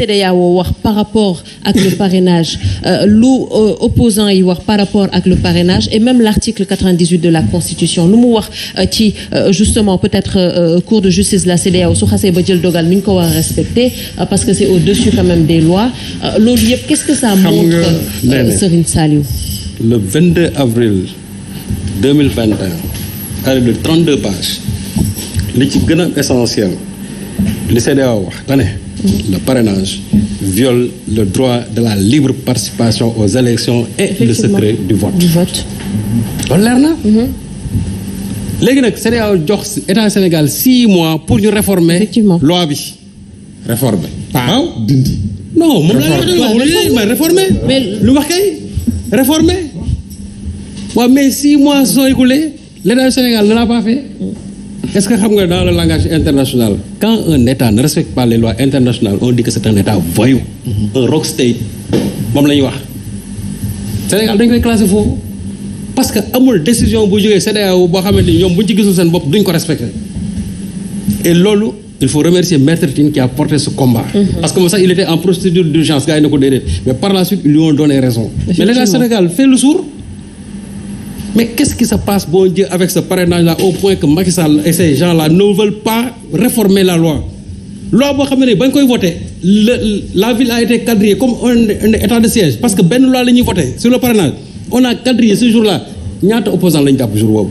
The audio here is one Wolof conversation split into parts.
CEDEAO wax par rapport ak le parrainage euh, lu euh, opposant yi wax par rapport ak le parrainage et même l'article 98 de la constitution lu mu wax euh, ci justement peut-être cour de justice la CEDEAO su xasee ba jël dogal ni ñu ko war a parce que c'est au-dessus quand même des lois loolu yëpp qu'est-ce que ça montre Serigne Saliou le 22 avril 2021 avec de 32 pages ci gën a essentiel li CEDEAO wax dane le parrainage viole le droit de la libre participation aux élections et le secret du vote leer na mhm. léegi nag CEDEAO jox état Sénégal six mois pour ñu réformer loi bi réformer waaw dindi non moom la réformer lu wax kay réformer waaw mais six mois sont écoulés l'état Sénégal ne l'a pas fait est-ce que xam nga dans le langage international quand un état ne respecte pas les lois internationales on dit que c'est état voyou mhm. un rogue state moom la ñuy wax Sénégal dañ koy classé foofu parce que amul décision bu jógee CEDEAO boo xamante ni ñoom buñ ci gisul seen bopp duñ ko respecté et loolu il faut remercier Maître Tine qui a porté ce combat. Mhm. parce que moom sax il était en procédure d'urgence gars yi ko déedéet mais par la suite ils lui ont donné Mais qu'est-ce qui se passe, bon Dieu, avec ce parrainage-là, au point que Macky Sall et ces pas réformer la loi loi boo xam ne ba ñu koy voté la ville a été quadrillée comme un état de siège parce que benn loi la ñuy voté sur le parrainage on a quadrillé ce jour-là ñaata opposant la ñu jour boobu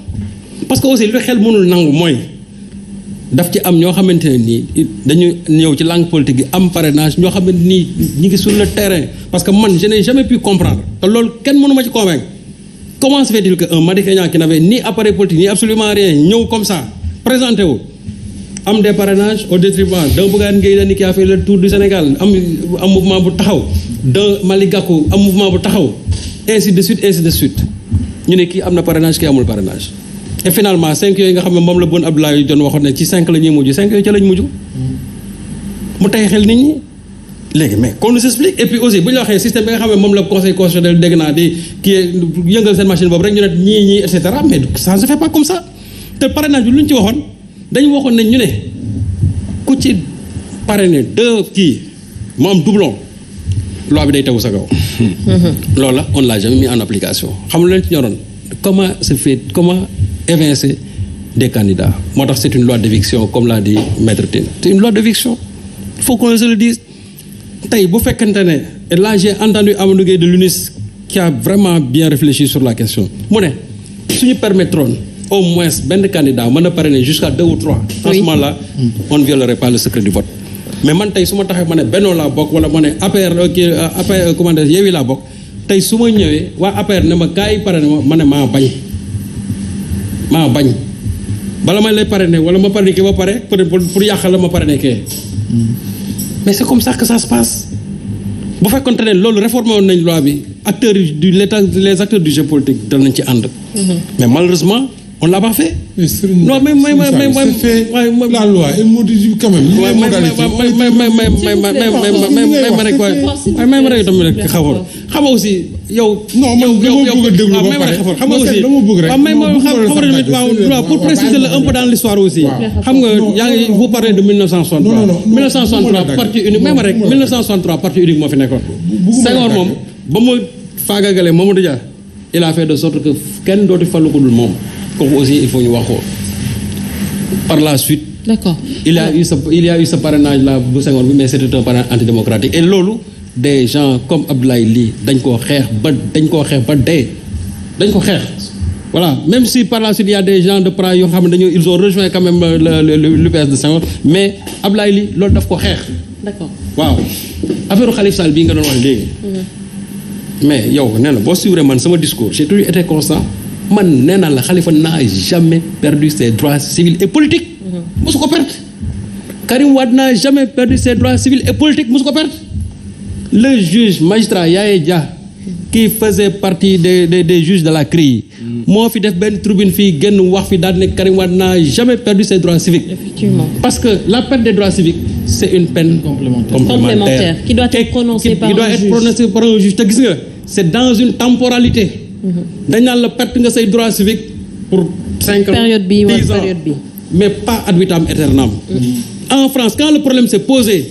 parce que aussi lu xel mënul nangu mooy daf ci am ñoo xamante ne nii dañu ñëw ci langue politique gi am parrainage ñoo xamante nii ñi ngi sur le terrain parce que man je n'ai jamais pu comprendre te loolu kenn mënu ma ci convaincre comment se fait-il que un Madické ni appareil politique ni absolument rien ñëw comme ça présenté wu am des parrainages au détriment d'un Bougane Gueye Dany qui a fait le tour du Sénégal am am mouvement bu taxaw d'un Malick Gakou am mouvement bu taxaw ainsi de suite ainsi de suite ñu ne kii am na parrainage kii amul et finalement cinq yooyu nga xam ne moom la bon Abdoulaye doon waxoon ne ci cinq la ñuy cinq yooyu ca lañ mujj. mu tey xel nit ñi léegi mais qu'on nous explique et puis bu ñu waxee système bi nga xam moom la conseil constitutionnel dégg naa di kii yëngal seen machine boobu rek ñu ne ñii ñii et cetera mais ça ne se comme ça te dañu waxoon nañ ñu ne ku ci parrainé deux kii mu am doublon day tegu sa loolu la on l'a jamais mis en application xam ci ñoroon évincer des candidats moo tax c'est une loi d'éviction comme l'a dit maître Tine c'est une loi d'éviction il tey bu fekkente ne et là j'ai entendu Amadou Gueye de l'UNIS qui a vraiment bien réfléchi sur la question mu ne suñu permettroon au moins benn candidat mën a parrainer jusqu'à deux ou trois en ce moment-là on ne le secret du vote mais man tey su ma taxee ma ne Benno laa bokk wala ma ne APR euh, euh, APR euh, comment dire laa bokk tey su ma ñëwee waa APR ne ma kaay parrainer ma ma ne maa bañ maa bañ bala ma lay parrainé wala ma parrainé kii ba pare peut-être pour yàqal la ma parrainé kii mm. mais c'est comme ça sa ça se passe bu fekkonte ne loolu réformé woon nañ loi bi acteurs du les acteurs du jeu politique dal nañ ci ànd mm-hmm. mais malheureusement on l'a pas fait. non mais may may may may la loi est modifiée quand même. may may ma rek waaye may ma rek tamit rek xafoon xam nga aussi yow. non man dama bëgg a déglu ba pare xam aussi may ma xam waaw pour préciser la un peu dans l'histoire aussi. xam nga yaa ngi vous parlez de 1963. non non non 1963 parti unique may ma rek 1963 parti unique moo fi nekkoon. Senghor moom ba mu faagagalee Mamadou Dia il a fait de sorte que kenn dootu falu ko dul moom. kooku aussi il faut ñu wax ko par la suite. d'accord il y a sa ce il bu Senghor bi mais c'était un parrainage antidémocratique et loolu des gens comme Abdoulaye Ly dañ koo xeex ba dañ koo xeex ba dee dañ ko xeex. voilà même si par la suite il des gens de pra yoo xam ne dañoo ils ont rejoint quand même l'UPS mais Abdoulaye Ly loolu daf ko xeex. d'accord waaw affaire Khalifa Sall bii nga doon wax léegi. Mm-hmm. mais yow nee na boo su man sama discours j'ai toujours été constant. man nee naa la xalifa n'a jamais perdu ses droits civils et politiques. Mhm. mosu ko perte. Karim Wade n'a jamais perdu ses droits civils et politiques mosu ko perte. le juge magistrat Yaya Dia qui faisait partie des des, des juges de la CREI. Mhm. moo fi def benn tribune fii génn wax fi daal ne Karim Wade n'a jamais perdu ses droits civiques. parce que la perte des droits civiques c' une peine. complémentaire qui doit être par un juge te gis nga c' dans une temporalité. dañu naan la perte nga say droit civique pour cinq ans période bi wala bi mais pas ad vitam aeternam mm-hmm. en France quand le problème s'est posé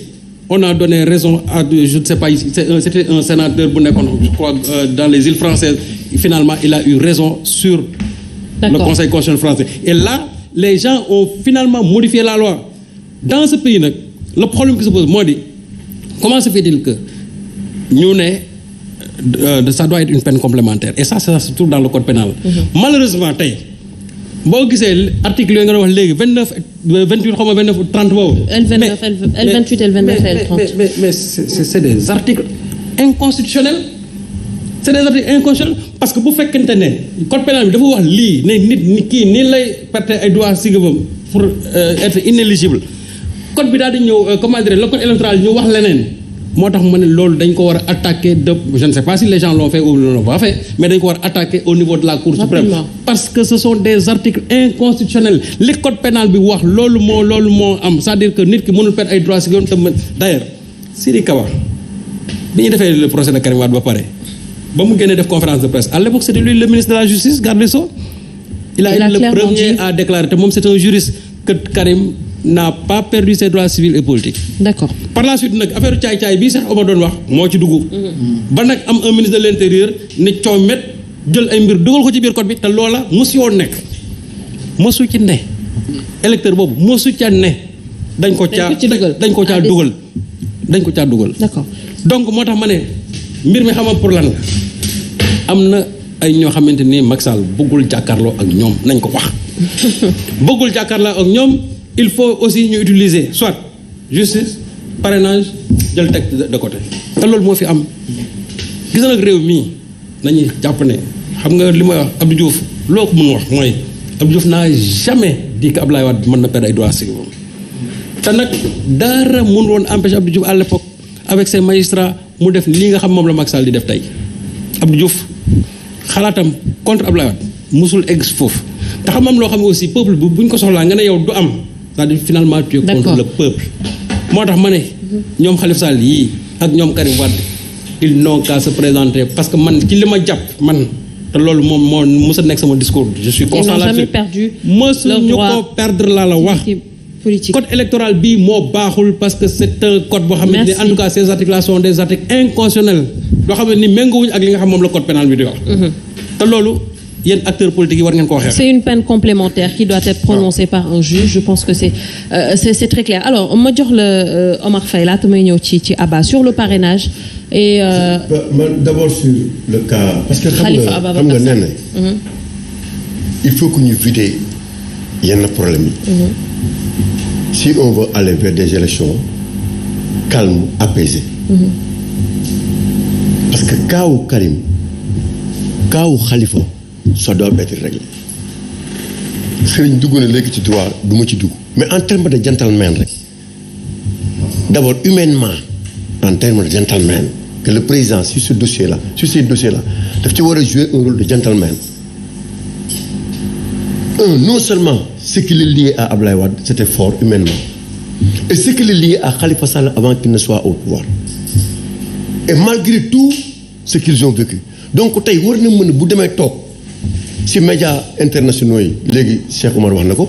on a donné raison à je ne sais pas c'était un sénateur bu nekkoon je crois euh, dans les îles françaises finalement il a eu raison sur le conseil constitutionnel français et là les gens ont finalement modifié la loi dans ce pays nag le problème qui se pose moi di comment se fait-il que ñu ne de euh, ça doit être une peine complémentaire mhm. boo gisee article yooyu nga léegi vingt neuf euh, vingt huit xaw ma vingt neuf trente boobu. L parce que bu fekkente ne code pénal bi dafa wax lii ne nit kii nii lay perte ay droits civiques pour euh, être inéligible code bi daal di ñëw comment le code électoral ñu wax leneen. moo tax ma ne loolu dañ ko war a attaquer de je ne sais pas si les gens l'ont fait ou ne l'ont pas fait mais dañ ko war a au niveau de la cour suprême parce que ce sont des articles inconstitutionnels li code pénal bi wax loolu moo loolu moo am cest dire que nit ki mënul perdre ay droits si yoon te d'ailleurs Siri Kaba bi ñu defee le procès de Karim Wade ba pare ba mu génnee def conférence de presse à l'époque c'était lui le ministre de la justice garde moom c'est n'a pas perdu ses droits civils et politiques. d'accord par la suite nag affaire caay caay bii sax Omar doon wax moo ci dugg. Mm-hmm. ba nag am un ministre de l'intérieur ne coomet jël ay mbir dugal ko ci biir code bi te loola mosu yoo nekk mosu ci ne. électeur boobu mosu ca ne. dañ ko caa dañ ko caa ah, dugal dañ ko caa dugal. d'accord donc moo tax ma ne mbir mi xamal pour lan la am na ay ñoo xamante ni Macky Sall bëggul jàkkaarloo ak ñoom nañ ko wax bëggul jàkkaarloo ak ñoom. il faut aussi ñu utiliser soit justice parenage jël teg de côté te loolu moo fi am gis nag réew mii nañu jàpp ne xam nga li ma wax Abdou Diouf loo ko mën wax mooy Abdou Diouf n'a jamais dit ab Abdoulaye Wade mën na perdre ay droits civiques te nag dara mun woon empêcher Abdou Diouf à l'époque avec ses magistrats mu def lii nga xam moom la mag Sall di def tey Abdou Diouf xalaatam contre Abdoulaye Wade musul egg foofu te xam am loo xam ne aussi peuple bu buñ ko soxlaa nga ne yow du am c'est-à-dire finalement tu es peuple moo tax ma ne ñoom Khalifa Sall yii ak ñoom Karim Wade ils n'ont qu'à se présenter parce que man ci li ma jàpp man te loolu moom moo mës a nekk sama discours je suis constant là-dessus mësuñu ko perdre laa la wax code électoral bi moo baaxul parce que c'est un code boo xam ne en tout cas ces articles là sont des articles inconstitutionnels yoo xam ne ni méngoowuñu ak li nga xam moom la code pénal bi di wax mhm. te loolu yéen acteurs politiques i war ngeen koo xeex. c'est une peine complémentaire qui doit être prononcée ah. par un juge je pense que c'est euh, c'est très clair alors ma jox la euh, Omar Faye laata may ñëw ci ci Abba sur le parrainage. et euh, d'abord sur le cas. parce que xam nga xam mhm. il faut que ñu vider problème yi. mm si on veut aller vers des élections calmes apaisées. Mhm. parce que kaawu Karim kaawu Khalifa. ça doit être réglé sëriñ dugg ne léegi ci droit du ma ci dugg mais en terme de gentleman rek d'abord humainement en terme de gentleman que le président sur ce dossier là sur ces dossiers là daf ci war a jouer un rôle de gentleman un non seulement ce qui le liait à Ablaye Wade c'était fort humainement et ce qui le liait à Khalifa Sall avant qu'il ne soit au pouvoir et malgré tout ce qu'ils ont donc tey war na mën bu demee toog si médias internationaux yi léegi Cheikh Omar wax na ko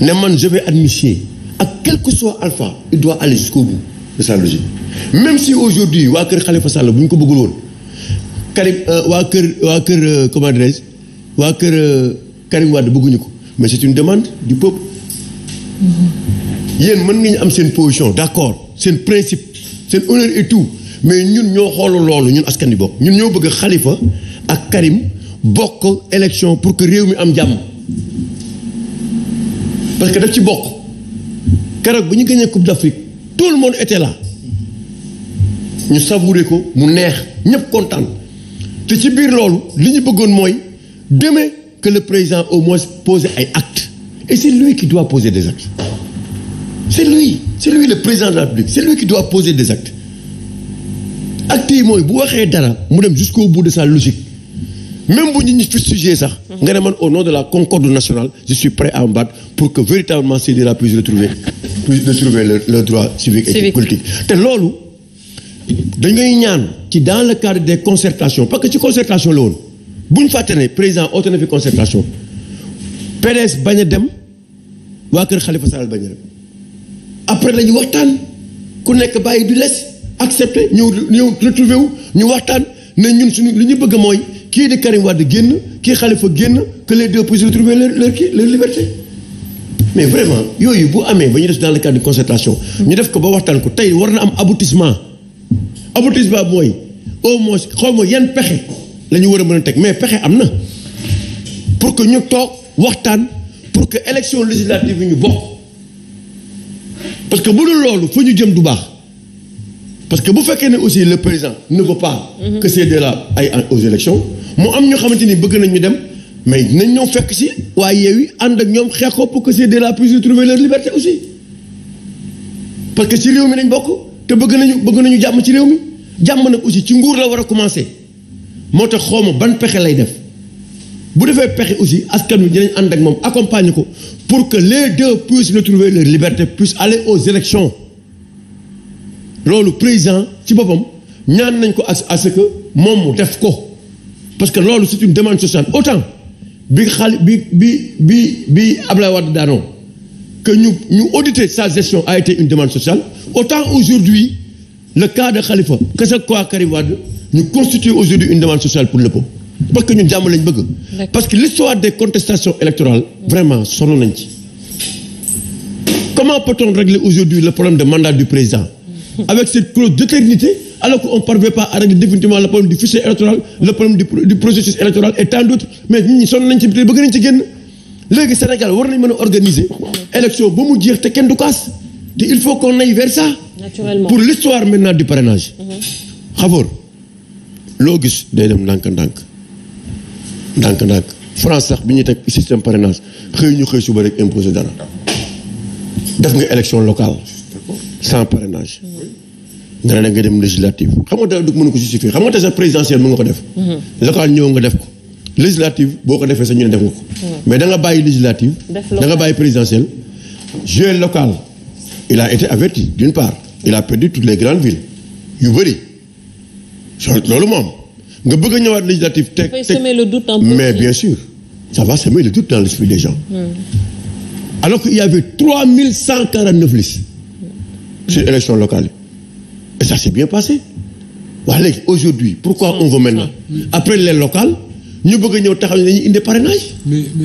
ne man je vais admissier ak quel que soit alpha il doit aller jusqu'au bout de sa logique même si aujourd'hui waa kër Khalifa Sall bu ñu ko bëggul woon Karim euh, waa kër waa kër euh, comment je waa kër euh, Karim Wade bëgguñu ko mais c'est une demande du peuple yéen mën nga ñu am seen position d'accord seen principe seen honneur et tout mais ñun ñoo xoolu loolu ñun askan bi bokk ñun ñoo bëgg Khalifa ak Karim bokk élection pour que réew mi am jàmm parce que daf ci bokk keroog bu ñu gagné Coupe d'Afrique tout le monde était là ñu savouré ko mu neex ñëpp kontaan te ci biir loolu li ñu bëggoon mooy demee que le président au moins pose ay actes et c'est lui qui doit poser des actes c'est lui c'est lui le président de la c'est lui qui doit poser des actes actes yi mooy bu waxee dara mu dem jusqu'au bout de sa logique même bu ñu ñu fi sujet sax. nga ne man au nom de la concorde nationale je suis prêt à me pour que véritablement Seydina puisse retrouver puisse retrouver le, le droit civique et politique te loolu dañuy ñaan ci dans le cadre des concertations parce que ci concertation la woon bu ñu fàtte ne président oote na fi concertation PDS bañ a dem waa kër Khalifa Sall bañ a dem après dañu waxtaan ku nekk bàyyi du les accepter ñëw ñëw retrouver wu ñu waxtaan na ñun suñu li ñu bëgg mooy. kii di Karim Wade génn kii Khalifa génn que les deux puissent retrouver leur leur liberté mais vraiment yooyu bu amee ba ñu def dans le cadre de concertation. ñu def ko ba waxtaan ko tey war na am aboutissement aboutissement mooy au moins xaw ma yan pexe lañu war a mën a teg mais pexe am na pour que ñu toog waxtaan pour que élection législative yi ñu bokk parce que bu dul loolu fa ñu jëm du baax. parce que bu fekkee ne aussi le président ne veut pas. Mm -hmm. que ces deux-là aillent mu am ñoo xamante ni bëgg nañ ñu dem mais nañ ñoom fekk si waaye Yewwi ànd ak ñoom xeex ko pour que ces deux-là puissent trouver leur liberté aussi parce que ci réew mi nañ bokk te bëgg nañu bëgg nañu jàmm ci réew mi jàmm nag aussi ci nguur la war a commencer moo tax xawma ban pexe lay def bu defee pexe aussi askan wi dinañ ànd ak moom accompagner ko pour que les deux puissent retrouver leur liberté puissent aller aux élections loolu président ci boppam ñaan nañ ko à ce que moom mu def ko parce que loolu c'est une demande sociale autant bi xaali bi bi bi bi Ablaye Wade daanoo que ñu ñu auditer sa gestion a été une demande sociale autant aujourd'hui le cas de Khalifa que ce quoi ñu constitue aujourd'hui une demande sociale pour le peuple parce que ñun jàmm lañ bëgg parce que l'histoire des contestations électorales vraiment sonn nañ ci comment peut-on régler aujourd'hui le problème de mandat du président avec cette clause d'éternité, alors qu'on ne parvient pas à régler définitivement le problème du fichier électoral, le problème du, du processus électoral et tant d'autres. Mais nous sommes dans le bëgg nañ ci génn léegi Sénégal war nañ mën a organiser élection ba mu jeex te kenn du kaas te il faut qu'on aille vers ça. naturellement pour l'histoire maintenant du parrainage. Mhm. Xafoor loo gis day dem ndànk-ndànk ndànk-ndànk France sax bi ñuy teg système parrainage xëy ñu xëy suba rek imposé dara def nga élection locale. sans parrainage. nga ne da nga dem législative xam nga dara du ko justifier te sa présidentielle mu nga ko def. Mhm. local ñëw nga def ko. législative boo ko defee sa def nga ko. Mhm. mais da nga bàyyi législative. da nga bàyyi présidentielle. jeu local il a été averti d'une part. il a perdu toutes les grandes villes yu bëri. loolu moom nga bëgg a ñëwaat législative. teg teg mais bien sûr. ça va semer le doute dans l'esprit des gens. Mhm. alors qu'il y avait 3149 listes. ci élection locale yi et ça s'est bien passé waa léegi aujourd'hui pourquoi on veut maintenant après les local ñu bëgg a ñëw taxaw ne dañuy indi parrainage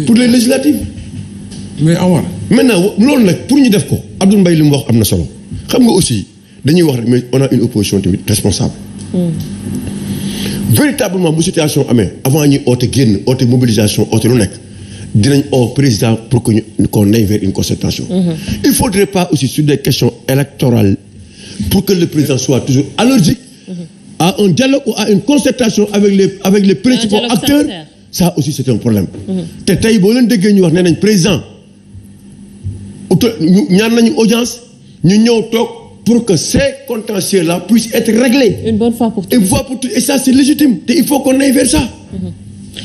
pour les législatives mais Amar maintenant loolu nag pour ñu def ko Abdoul mbay lu mu wax am na solo xam nga aussi dañuy wax rek mais on a une opposition tamit responsable hmm. véritablement bu situation amee avant ñu oote génn oote mobilisation oote lu nekk dinañ au président pour que ñu qu'on aille vers une concertation. Mhm. il faudrait pas aussi sur des questions électorales pour que le président soit toujours allergique. Mhm. à un dialogue ou à une concertation avec les avec les principaux acteurs ça aussi c'est un problème. Mhm. te tey boo leen déggee ñu wax nee président ñu ñaan nañu audience ñu ñëw toog pour que ces contentieux là puissent être réglés. une bonne pour toutes. et ça c'est légitime te il faut qu'on aille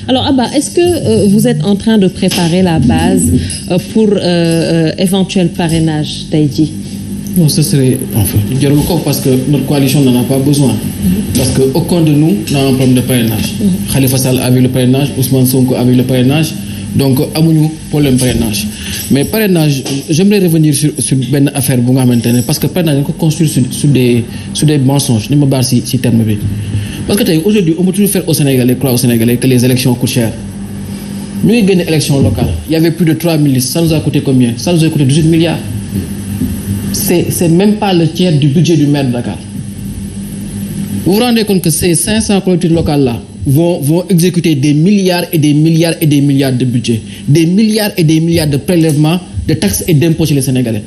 Alors Abba, est-ce que euh, vous êtes en train de préparer la base euh, pour euh, euh éventuel parrainage tey jii non ce serait enfin jarul ko parce que notre coalition n'en a pas besoin parce que aucun de nous n'a un problème de parrainage mm-hmm. Khalifa Sall avait le parrainage Ousmane Sonko avait le parrainage donc euh, amuñu problème parrainage mais parrainage j'aimerais revenir sur sur benn affaire bu nga xamante ne parce que parrainage dañ ko construire sur, sur des sur des mensonges ni ma baal si bi parce que tey aujourd'hui on peut toujours faire aux Sénégalais croire aux Sénégalais que les élections coûtent cher ñu ngi génne élection y avait plus de 3000 listes ça nous a coûté combien ça nous a coûté 18 milliards c'est c'est même pas le tiers du budget du maire de Dakar vous vous rendez que ces 500 locales là vont exécuter des milliards et des milliards et des milliards de budget des milliards et des milliards de prélèvements de taxes et d'impôts les Sénégalais